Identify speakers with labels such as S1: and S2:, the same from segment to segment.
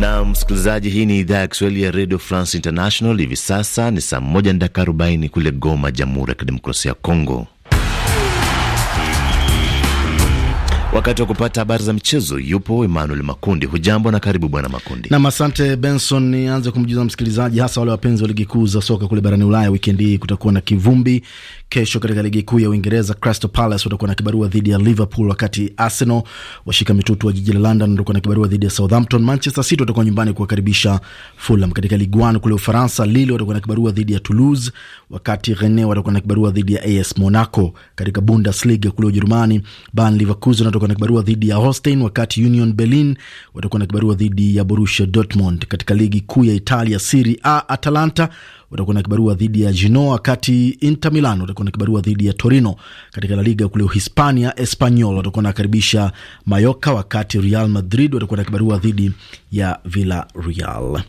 S1: Na msikilizaji, hii ni idhaa ya Kiswahili ya Radio France International. Hivi sasa ni saa moja na dakika arobaini kule Goma, Jamhuri ya Kidemokrasia ya Kongo. Wakati wa kupata habari za michezo yupo Emmanuel Makundi. Hujambo na karibu bwana
S2: Makundi. Nam, asante Benson. Nianze kumjuza msikilizaji, hasa wale wapenzi wa ligi kuu za soka kule barani Ulaya. Wikendi hii kutakuwa na kivumbi. Kesho katika ligi kuu ya Uingereza, Crystal Palace watakuwa na kibarua dhidi ya Liverpool, wakati Arsenal washika mitutu wa jiji la London watakuwa na kibarua dhidi ya Southampton. Manchester City watakuwa nyumbani kuwakaribisha Fulham. Katika Ligue 1 kule Ufaransa, Lille watakuwa na kibarua dhidi ya Toulouse, wakati Rennes watakuwa na kibarua dhidi ya AS Monaco. Katika Bundesliga kule Ujerumani, Bayer Leverkusen watakuwa na kibarua dhidi ya Holstein, wakati Union Berlin watakuwa na kibarua dhidi ya Borussia Dortmund. Katika ligi kuu ya Italia Serie A, Atalanta watakuwa na kibarua dhidi ya Genoa, wakati Inter Milan watakuwa na kibarua dhidi ya Torino. Katika La Liga kule Uhispania, Espanyol watakuwa nakaribisha Mayoka, wakati Real Madrid watakuwa na kibarua dhidi ya Villarreal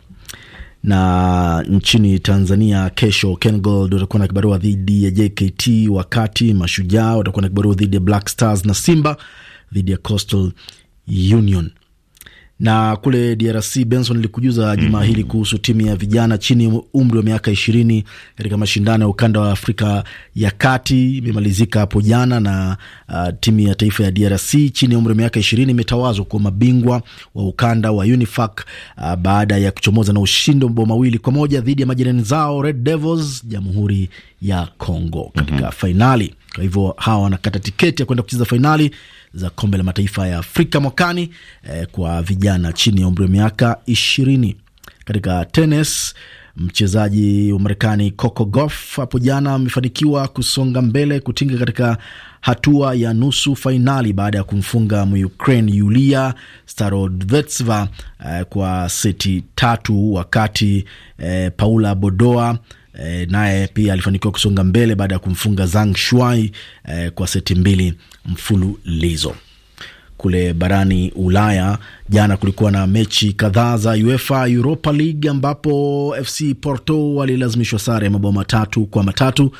S2: na nchini Tanzania kesho, KenGold watakuwa na kibarua dhidi ya JKT, wakati Mashujaa watakuwa na kibarua dhidi ya Black Stars na Simba dhidi ya Coastal Union. Na kule DRC, Benson, nilikujuza jumaa hili mhm. kuhusu timu ya vijana chini ya umri wa miaka ishirini katika mashindano ya ukanda wa Afrika ya kati imemalizika hapo jana, na uh, timu ya taifa ya DRC chini ya umri wa miaka ishirini imetawazwa kuwa mabingwa wa ukanda wa UNIFAC uh, baada ya kuchomoza na ushindi mabao mawili kwa moja dhidi ya majirani zao Red Devils, Jamhuri ya Congo katika mm -hmm. fainali. Kwa hivyo hawa wanakata tiketi ya kwenda kucheza fainali za kombe la mataifa ya Afrika mwakani eh, kwa vijana chini ya umri wa miaka ishirini. Katika tenis mchezaji wa Marekani Coco Gauff hapo jana amefanikiwa kusonga mbele kutinga katika hatua ya nusu fainali baada ya kumfunga Muukraine Yulia Starodvetsva eh, kwa seti tatu, wakati eh, Paula Bodoa e, naye pia alifanikiwa kusonga mbele baada ya kumfunga Zhang Shuai e, kwa seti mbili mfululizo. Kule barani Ulaya jana kulikuwa na mechi kadhaa za UEFA Europa League ambapo FC Porto walilazimishwa sare ya mabao matatu kwa matatu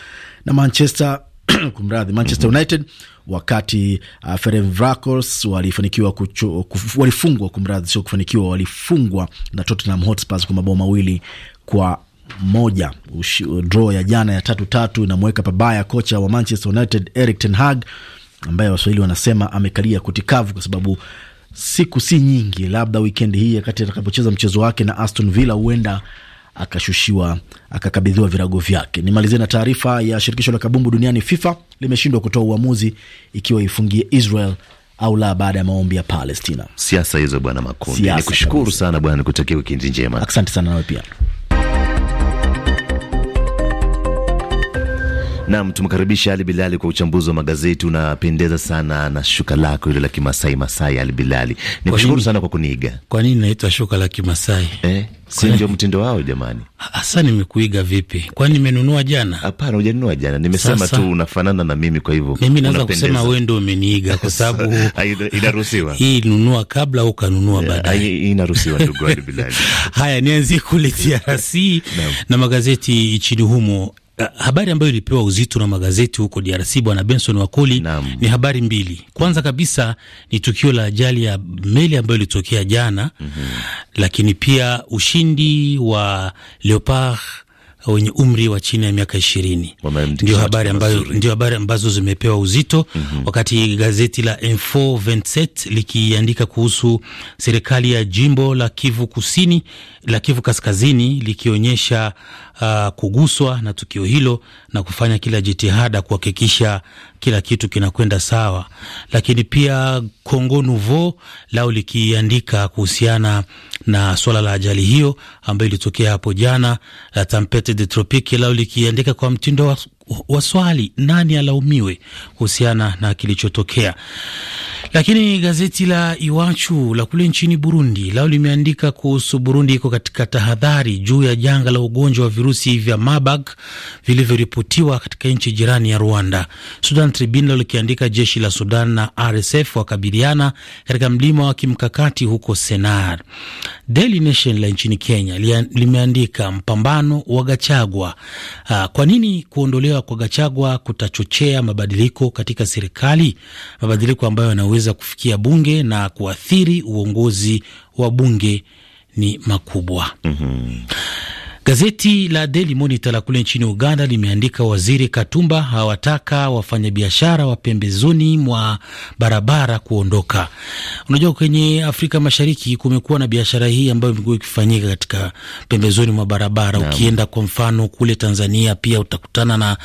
S2: na Manchester kumradhi, Manchester United wakati uh, Ferencvaros walifanikiwa kuf, walifungwa kumradhi, sio kufanikiwa, walifungwa na Tottenham Hotspur kwa mabao mawili kwa moja. Ush, uh, Draw ya jana ya tatu tatu inamweka pabaya kocha wa Manchester United Eric ten Hag ambaye Waswahili wanasema amekalia kuti kavu kwa sababu siku si nyingi, labda wikendi hii wakati atakapocheza mchezo wake na Aston Villa huenda akashushiwa akakabidhiwa virago vyake. Nimalizie na taarifa ya shirikisho la kabumbu duniani FIFA limeshindwa kutoa uamuzi ikiwa ifungie Israel au la baada ya maombi ya Palestina.
S1: Siasa hizo bwana Makundi, nikushukuru sana bwana, nikutakia wikendi njema. Asante sana nawe pia. Nam, tumkaribisha Ali Bilali kwa uchambuzi wa magazeti. Unapendeza sana na shuka lako hilo la Kimasai Masai. Ali Bilali, ni kushukuru sana kwa kuniiga.
S3: Kwa nini naitwa shuka la Kimasai eh? Si ndio mtindo wao jamani? Hasa nimekuiga vipi? Kwani nimenunua
S1: jana? Hapana, hujanunua jana. Nimesema tu unafanana na mimi, kwa hivyo mimi naweza kusema wewe
S3: ndio umeniiga kwa sababu inaruhusiwa hii. Nunua kabla au kanunua eh, baadaye, inaruhusiwa ndugu. Haya, nianzie kule DRC na magazeti nchini humo Eh, habari ambayo ilipewa uzito na magazeti huko DRC, bwana Benson Wakoli, ni habari mbili. Kwanza kabisa ni tukio la ajali ya meli ambayo ilitokea jana mm -hmm. Lakini pia ushindi wa Leopard wenye umri wa chini ya miaka ishirini. Ndio habari ambayo, ndio habari ambazo zimepewa uzito mm -hmm. Wakati gazeti la Info 27 likiandika kuhusu serikali ya jimbo la Kivu Kusini, la Kivu Kaskazini likionyesha uh, kuguswa na tukio hilo na kufanya kila jitihada kuhakikisha kila kitu kinakwenda sawa. Lakini pia Congo Nouveau lao likiandika kuhusiana na swala la ajali hiyo ambayo ilitokea hapo jana. La Tempete de Tropique lao likiandika kwa mtindo wa, wa swali, nani alaumiwe kuhusiana na kilichotokea. Lakini gazeti la Iwachu la kule nchini Burundi lao limeandika kuhusu Burundi iko katika tahadhari juu ya janga la ugonjwa wa virusi vya Marburg vilivyoripotiwa katika nchi jirani ya Rwanda. Sudan Tribune lao likiandika jeshi la Sudan na RSF wakabiliana katika mlima wa kimkakati huko Senar. Daily Nation la nchini Kenya limeandika mpambano wa Gachagwa. Ah, kwa nini kuondolewa kwa Gachagwa kutachochea mabadiliko katika serikali, mabadiliko ambayo yanaweza yanaweza kufikia bunge na kuathiri uongozi wa bunge ni makubwa. mm -hmm. Gazeti la Daily Monitor la kule nchini Uganda limeandika waziri Katumba hawataka wafanyabiashara wa pembezoni mwa barabara kuondoka. Unajua, kwenye Afrika Mashariki kumekuwa na biashara hii ambayo imekuwa ikifanyika katika pembezoni mwa barabara Ukienda kwa mfano kule Tanzania pia utakutana na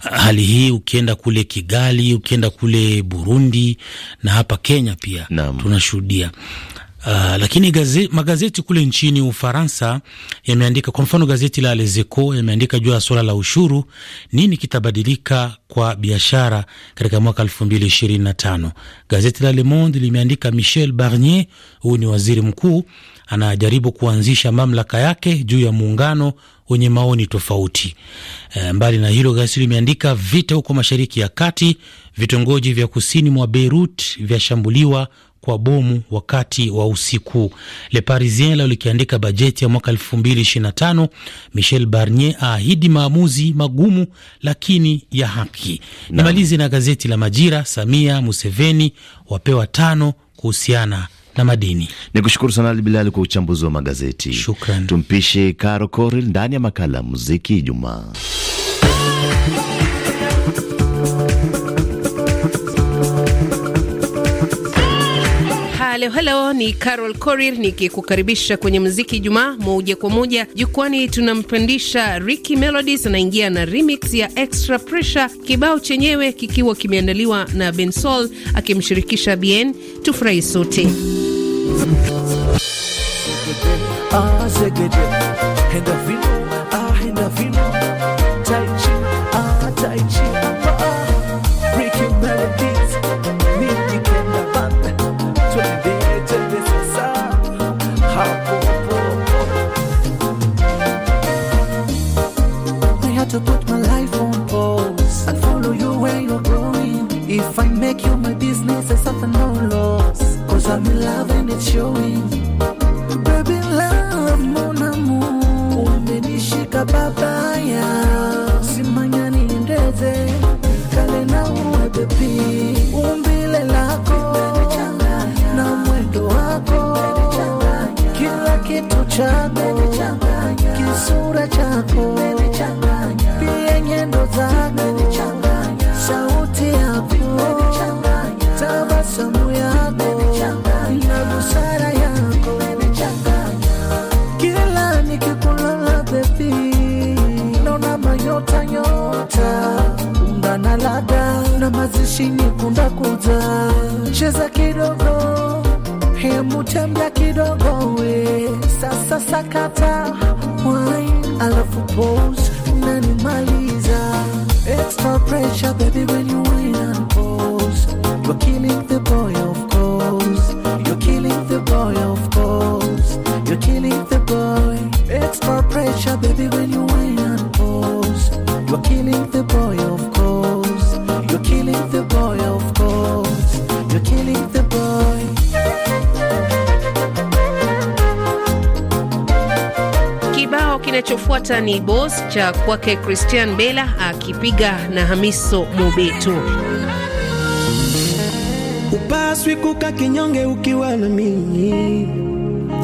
S3: hali hii, ukienda kule Kigali, ukienda kule Burundi na hapa Kenya pia tunashuhudia Uh, lakini gaze, magazeti kule nchini Ufaransa yameandika kwa mfano gazeti la Les Echos yameandika juu ya suala la ushuru, nini kitabadilika kwa biashara katika mwaka 2025. Gazeti la Le Monde limeandika Michel Barnier, huyu ni waziri mkuu anajaribu kuanzisha mamlaka yake juu ya muungano wenye maoni tofauti. E, mbali na hilo gazeti limeandika vita huko Mashariki ya Kati, vitongoji vya kusini mwa Beirut vyashambuliwa kwa bomu wakati wa usiku. Le Parisien lao likiandika bajeti ya mwaka 2025, Michel Barnier aahidi maamuzi magumu lakini ya haki. malizi na gazeti la Majira, Samia Museveni wapewa tano kuhusiana na madini.
S1: Ni kushukuru sana Ali Bilali kwa uchambuzi wa magazeti. Shukran. Tumpishe Karo Koril ndani ya makala muziki Ijumaa.
S4: Halo halo, ni Carol corir nikikukaribisha kwenye muziki Jumaa moja kwa moja. Jukwani tunampandisha Ricky Melodies, anaingia na remix ya Extra Pressure, kibao chenyewe kikiwa kimeandaliwa na bensol akimshirikisha Bien. Tufurahi sote
S5: ah,
S6: kitu chako, kisura chako, pia nyendo zako, sauti yako, tabasamu yako na busara yako, kila nikikulala bebi, naona mayota nyota ungana lada na mazishi nikunda kuza cheza kidogo Hebu tembea kidogo we, sasa sakata wine, alafu pose na nimaliza. Extra pressure baby when you
S4: Kata ni bos cha kwake Christian Bela akipiga na Hamiso Mobeto.
S5: Upaswi kuka kinyonge ukiwa na mimi,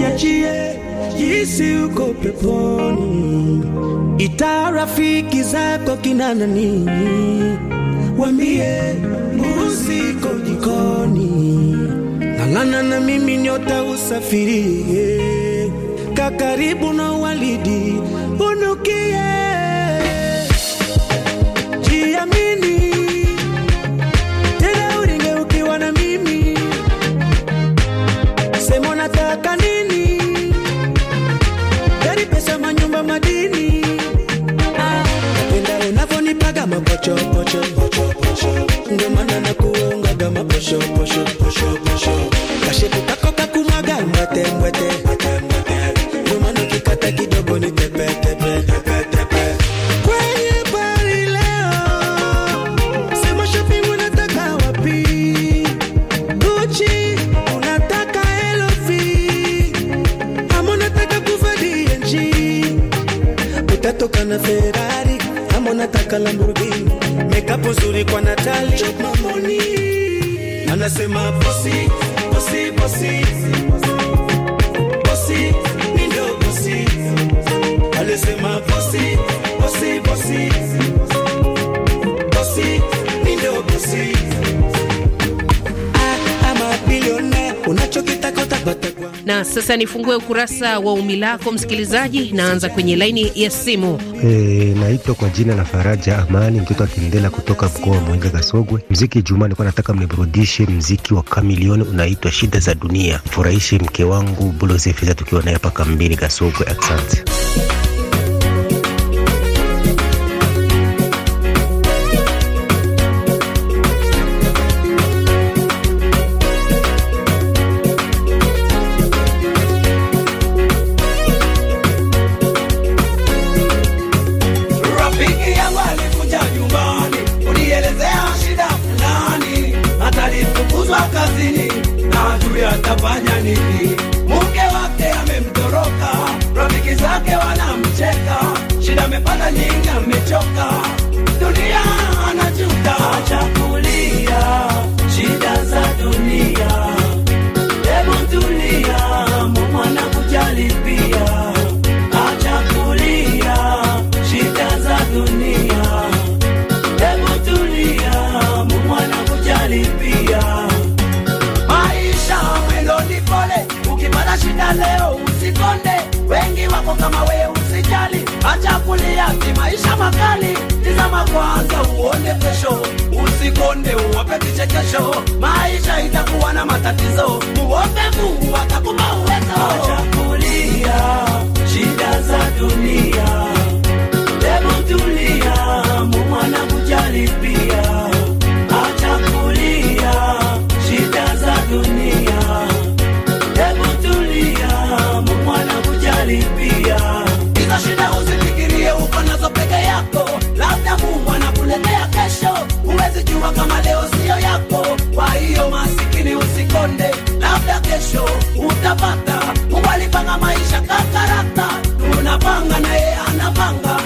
S5: jachie jisi uko peponi, ita rafiki zako kina nini, wambie musiko jikoni, nang'ana na mimi nyota usafirie, kakaribu na walidi Ocho, ocho, ocho, ocho. The man and the
S4: sasa nifungue ukurasa wa umilako Lako, msikilizaji. Naanza kwenye laini ya simu.
S3: E, naitwa kwa jina la Faraja Amani, mtoto Kindela kutoka mkoa wa Mwenga Gasogwe. Mziki Jumaa, nilikuwa nataka mniburudishe mziki wa Kamilioni unaitwa Shida za Dunia. Furahishe mke wangu Bulozefeza, tukiwa naye hapa kambini Gasogwe. Asante.
S5: kesho, usikonde uope kesho, maisha itakuwa na matatizo, muombe Mungu atakupa uwezo. Acha kulia shida za dunia, hebu tulia, mumwana kujaribia kesho utapata, walipanga maisha kakarata, tunapanga naye anapanga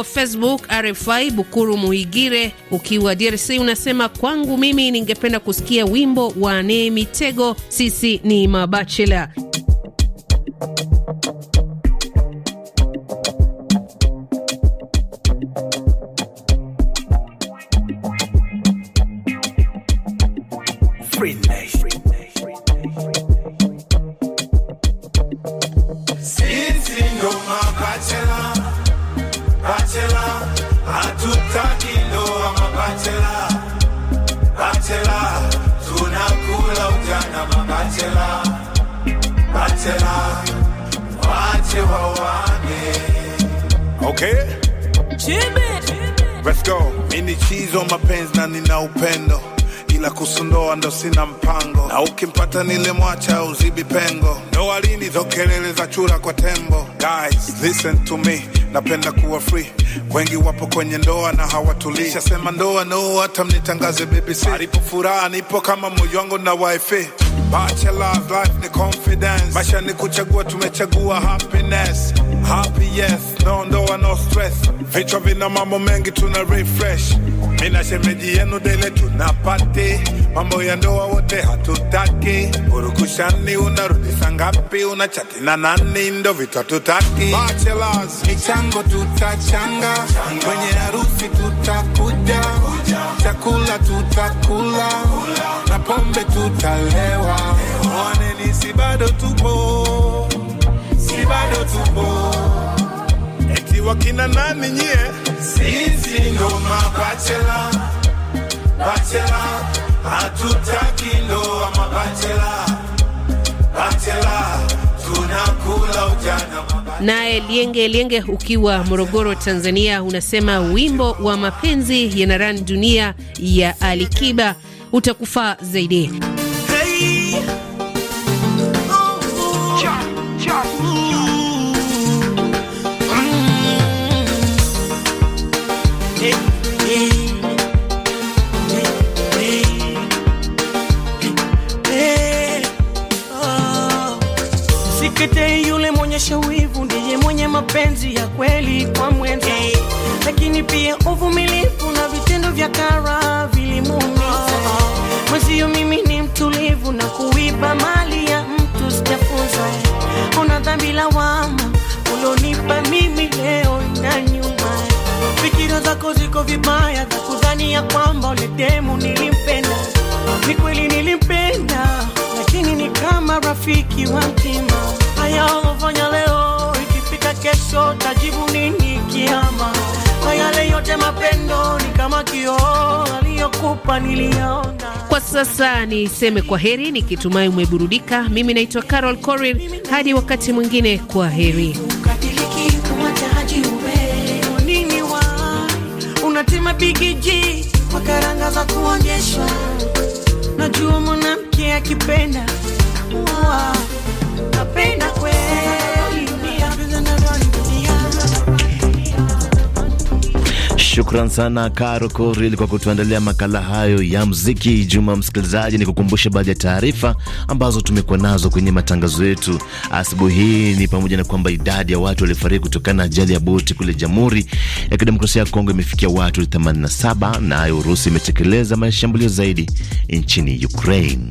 S4: wa Facebook RFI Bukuru muigire ukiwa DRC unasema, kwangu mimi ningependa kusikia wimbo wa Nemitego, sisi ni mabachela.
S7: Okay? Chibi. Let's go. Mini cheese on mapenzi na nina upendo ila kusundoa ndo sina mpango, na ukimpata mwacha uzibi pengo, ndoa lini zo kelele za chura kwa tembo? Guys, listen to me, napenda kuwa free. Wengi wapo kwenye ndoa na hawatulii, sema ndoa no, hata mnitangaze BBC, alipo furaha nipo kama moyo wangu na wife. Bacha love life ni confidence, maisha ni kuchagua, tumechagua happiness. Happy yes, no ndoa, no stress, vichwa vina mambo mengi, tuna refresh. Mina shemeji yenu dele tunapati, mambo ya ndoa wote hatutaki. Urukushani unarudi sangapi, Unachati na nani? Ndo vita tutaki. Bachelors michango tutachanga, kwenye harusi tutakuja chakula tutakula na pombe tutalewa, ni si bado tupo, si bado tupo, eti wakina nani nyie? Sisi ndo mabachela, bachela, hatutaki ndoa mabachela, bachela tuna
S4: Naye Lienge Lienge ukiwa Morogoro, Tanzania, unasema wimbo wa mapenzi yanaran dunia ya Alikiba utakufaa zaidi.
S8: Sikete yule mwenye mapenzi ya kweli kwa mwenza hey. Lakini pia uvumilivu na vitendo vya kara vilimuumiza oh. Uh-huh. Mwezio mimi ni mtulivu na kuiba mali ya mtu sijafunza. Ona dhambi lawama ulonipa mimi leo na nyuma, fikira zako ziko vibaya za kudhani ya kwamba uledemu nilimpenda. Ni kweli nilimpenda, lakini ni kama rafiki wa mtima. Haya ulofanya leo kesho tajibu nini kiama? Kwa yale yote mapendo ni kama kioo aliyokupa niliona.
S4: Kwa sasa niseme kwa heri, nikitumai umeburudika. Mimi naitwa Carol Corin, hadi wakati mwingine, kwa heri.
S8: Unatima bigiji kwa karanga za kuonyeshwa, najua mwanamke akipenda wow.
S1: Shukran sana Karo Koril kwa kutuandalia makala hayo ya mziki juma. Msikilizaji, ni kukumbusha baadhi ya taarifa ambazo tumekuwa nazo kwenye matangazo yetu asubuhi hii, ni pamoja na kwamba idadi ya watu waliofariki kutokana na ajali ya boti kule Jamhuri ya Kidemokrasia ya Kongo imefikia watu 87, nayo Urusi imetekeleza mashambulio zaidi nchini Ukraine.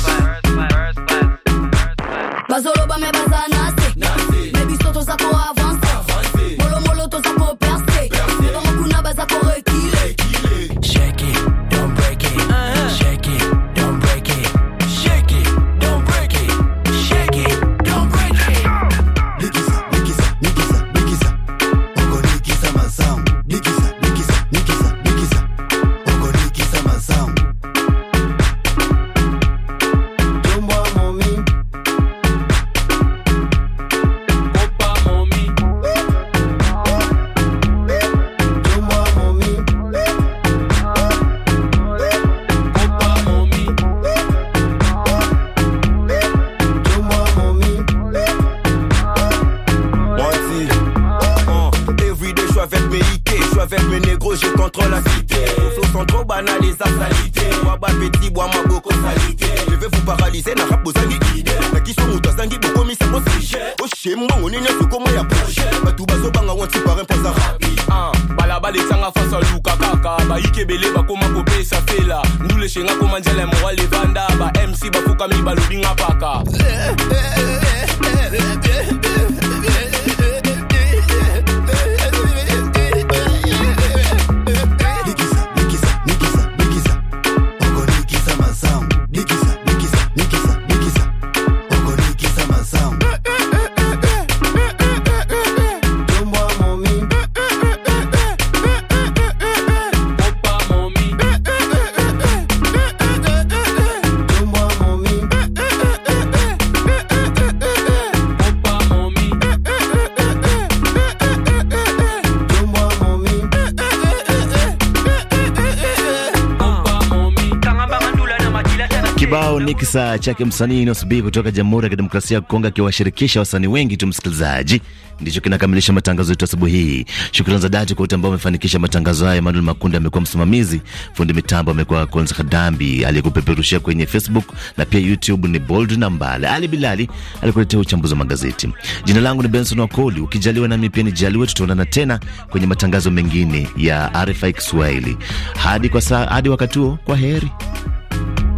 S3: wale vandaba mc bafuka mibalo paka. Eh, eh, eh,
S1: kibao nikisa chake msanii Nosbi kutoka Jamhuri ya Kidemokrasia ya Kongo akiwashirikisha wasanii wengi tu. Msikilizaji, ndicho kinakamilisha matangazo yetu asubuhi hii. Shukrani za dhati kwa wote ambao wamefanikisha matangazo haya. Emmanuel Makunda amekuwa msimamizi, fundi mitambo amekuwa Konza Kadambi aliyekupeperushia kwenye Facebook na pia YouTube ni Bold na Mbale. Ali Bilali alikuletea uchambuzi wa magazeti. Jina langu ni Benson Wakoli, ukijaliwa nami pia nijaliwe, tutaonana tena kwenye matangazo mengine ya RFI Kiswahili. Hadi kwa saa, hadi wakati huo, kwa heri.